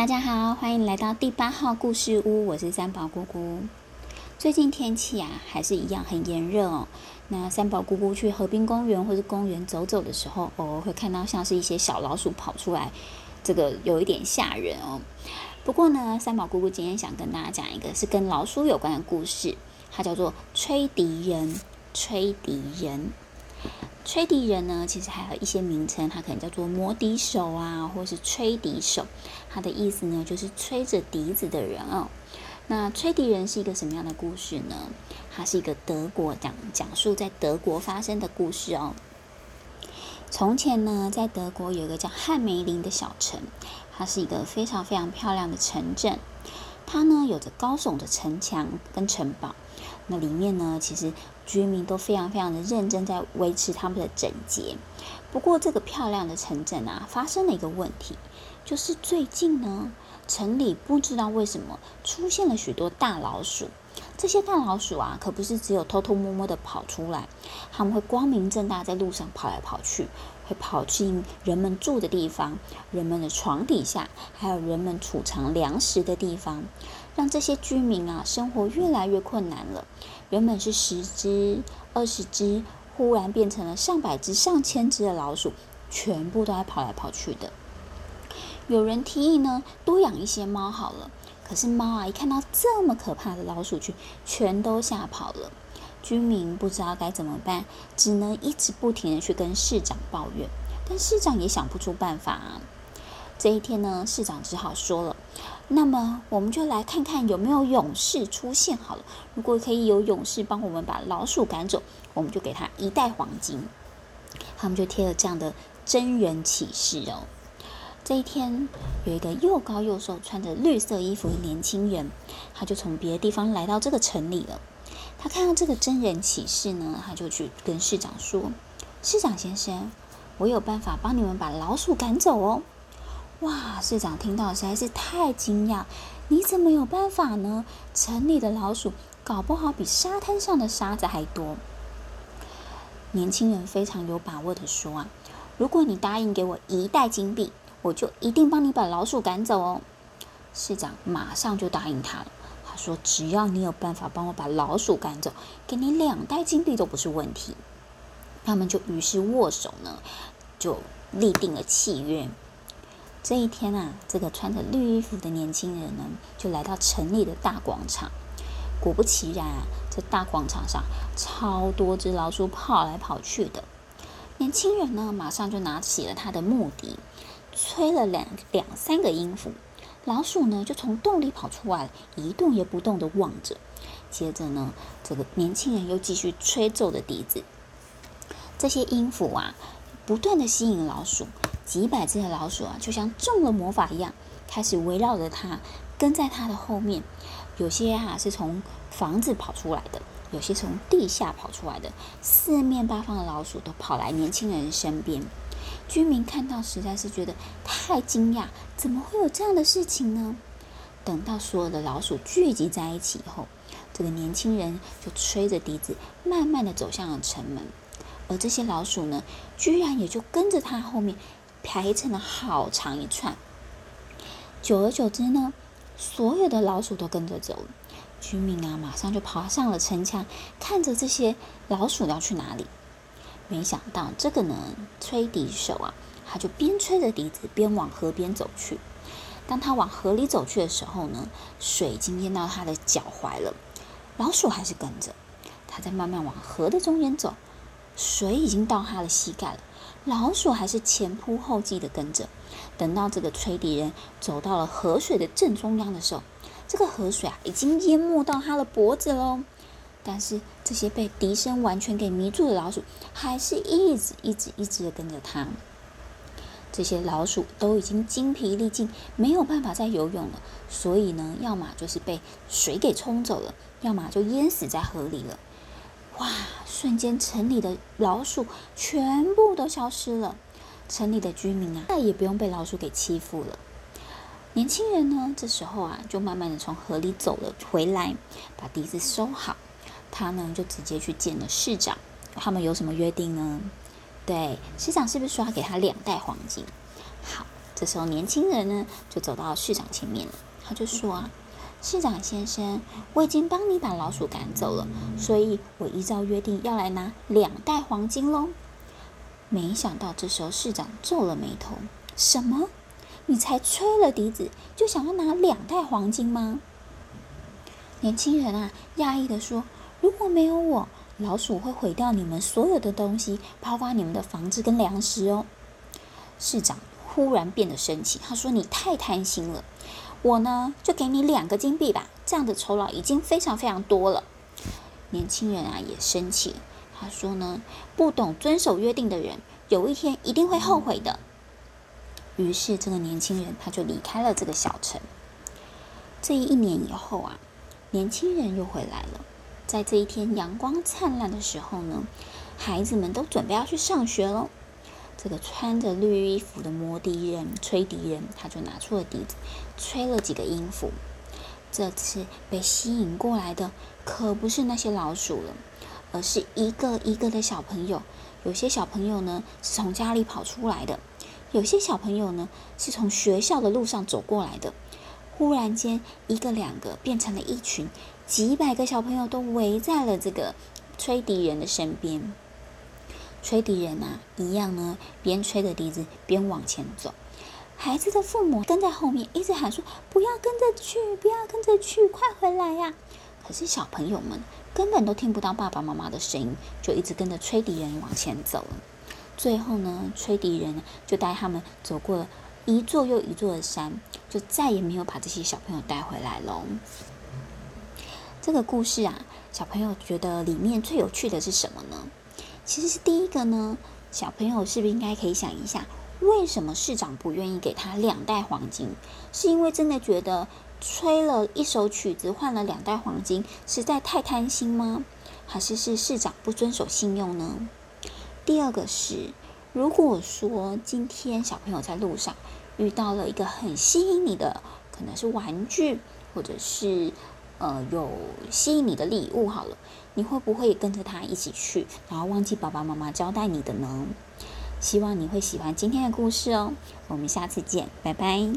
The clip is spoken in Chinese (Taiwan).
大家好，歡迎來到第八號故事屋，我是三寶姑姑。最近天氣啊，還是一樣很炎熱哦。那三寶姑姑去河濱公園或者公園走走的時候，偶爾會看到像是一些小老鼠跑出來，這個有一點嚇人哦。不過呢，三寶姑姑今天想跟大家講一個，是跟老鼠有關的故事，它叫做吹笛人，吹笛人。吹笛人呢，其實還有一些名稱，他可能叫做魔笛手啊，或是吹笛手。他的意思呢，就是吹着笛子的人哦。那吹笛人是一個什麼樣的故事呢？它是一個德國講講述在德國發生的故事哦。從前呢，在德國有一個叫漢梅林的小城，它是一個非常非常漂亮的城鎮，它呢有着高聳的城牆跟城堡。那裡面呢，其實居民都非常非常的認真在維持他們的整潔。不過，這個漂亮的城鎮啊，發生了一個問題，就是最近呢，城裡不知道為什麼出現了許多大老鼠。這些大老鼠啊，可不是只有偷偷摸摸的跑出來，他們會光明正大在路上跑來跑去，會跑進人們住的地方、人們的床底下，還有人們儲藏糧食的地方。讓這些居民啊，生活越來越困難了。原本是十隻、二十隻，忽然變成了上百隻、上千隻的老鼠，全部都在跑來跑去的。有人提議呢，多養一些貓好了。可是貓啊，一看到這麼可怕的老鼠群，全都嚇跑了。居民不知道該怎麼辦，只能一直不停地去跟市長抱怨。但市長也想不出辦法啊。這一天呢，市長只好說了。那麼我們就來看看有沒有勇士出現好了。如果可以有勇士幫我們把老鼠趕走，我們就給他一袋黃金。他們就貼了這樣的徵人啟事哦。這一天有一個又高又瘦、穿着綠色衣服的年輕人，他就從別的地方來到這個城裡了。他看到這個徵人啟事呢，他就去跟市長說：“市長先生，我有辦法幫你們把老鼠趕走哦。”哇！市長聽到實在是太驚訝，你怎麼有辦法呢？城裡的老鼠搞不好比沙灘上的沙子還多。年輕人非常有把握的說：“啊，如果你答應給我一袋金幣，我就一定幫你把老鼠趕走哦。”市長馬上就答應他了。他說：“只要你有辦法幫我把老鼠趕走，給你兩袋金幣都不是問題。”他們就於是握手呢，就立定了契約。這一天啊，這個穿着綠衣服的年輕人呢，就來到城裡的大廣場。果不其然啊，這大廣場上超多隻老鼠跑來跑去的。年輕人呢，馬上就拿起了他的木笛，吹了兩兩三個音符。老鼠呢，就從洞裡跑出來，一動也不動地望着。接着呢，這個年輕人又繼續吹奏着笛子。這些音符啊，不斷地吸引老鼠。幾百隻的老鼠啊，就像中了魔法一樣，開始圍繞着他，跟在他的後面。有些啊是從房子跑出來的，有些從地下跑出來的，四面八方的老鼠都跑來年輕人身邊。居民看到實在是覺得太驚訝，怎麼會有這樣的事情呢？等到所有的老鼠聚集在一起以後，這個年輕人就吹着笛子，慢慢地走向了城門，而這些老鼠呢，居然也就跟着他後面排成了好長一串，久而久之呢，所有的老鼠都跟着走了。居民啊，馬上就爬上了城牆，看着這些老鼠要去哪裡。沒想到這個呢，吹笛手啊，他就邊吹着笛子邊往河邊走去。當他往河裡走去的時候呢，水已經淹到他的腳踝了。老鼠還是跟着，他在慢慢往河的中間走，水已經到他的膝蓋了。老鼠還是前仆後繼的跟着。等到這個吹笛人走到了河水的正中央的時候，這個河水啊已經淹沒到他的脖子嘍。但是這些被笛聲完全給迷住的老鼠，還是一直一直一直的跟着他。這些老鼠都已經精疲力盡，沒有辦法再游泳了，所以呢，要麼就是被水給沖走了，要麼就淹死在河裡了。哇！瞬間，城裡的老鼠全部都消失了。城裡的居民啊，再也不用被老鼠給欺負了。年輕人呢，這時候啊，就慢慢的從河裡走了回來，把笛子收好。他呢，就直接去見了市長。他們有什麼約定呢？對，市長是不是說要給他兩袋黃金？好，這時候年輕人呢，就走到市長前面了，他就說啊。嗯。市長先生，我已經幫你把老鼠趕走了，所以，我依照約定要來拿兩袋黃金嘍。沒想到這時候市長皺了眉頭：“什麼？你才吹了笛子，就想要拿兩袋黃金嗎？”年輕人啊，訝異的說：“如果沒有我，老鼠會毀掉你們所有的東西，包括你們的房子跟糧食哦。”市長忽然變得生氣，他說：“你太貪心了。”我呢，就給你兩個金幣吧，這樣的酬勞已經非常非常多了。年輕人啊，也生氣，他說呢，不懂遵守約定的人，有一天一定會後悔的。於是，這個年輕人他就離開了這個小城。這一年以後啊，年輕人又回來了，在這一天陽光燦爛的時候呢，孩子們都準備要去上學嘍。這個穿着綠衣服的魔笛人，吹笛人，他就拿出了笛子，吹了幾個音符。這次被吸引過來的可不是那些老鼠了，而是一個一個的小朋友。有些小朋友呢，是從家裡跑出來的，有些小朋友呢，是從學校的路上走過來的。忽然間，一個兩個變成了一群，幾百個小朋友都圍在了這個吹笛人的身邊。吹笛人啊，一樣呢，邊吹着笛子邊往前走，孩子的父母跟在後面，一直喊說：“不要跟着去，不要跟着去，快回來呀！”可是小朋友們根本都聽不到爸爸媽媽的聲音，就一直跟着吹笛人往前走了。最後呢，吹笛人就帶他們走過了一座又一座的山，就再也沒有把這些小朋友帶回來嘍。這個故事啊，小朋友覺得裡面最有趣的是什麼呢？其實是第一個呢，小朋友是不是應該可以想一下，為什麼市長不願意給他兩袋黃金？是因為真的覺得吹了一首曲子換了兩袋黃金實在太貪心嗎？還是是市長不遵守信用呢？第二個是，如果說今天小朋友在路上遇到了一個很吸引你的，可能是玩具或者是……呃，有吸引你的禮物好了，你會不會跟着他一起去，然後忘記爸爸媽媽交代你的呢？希望你會喜歡今天的故事哦，我們下次見，拜拜。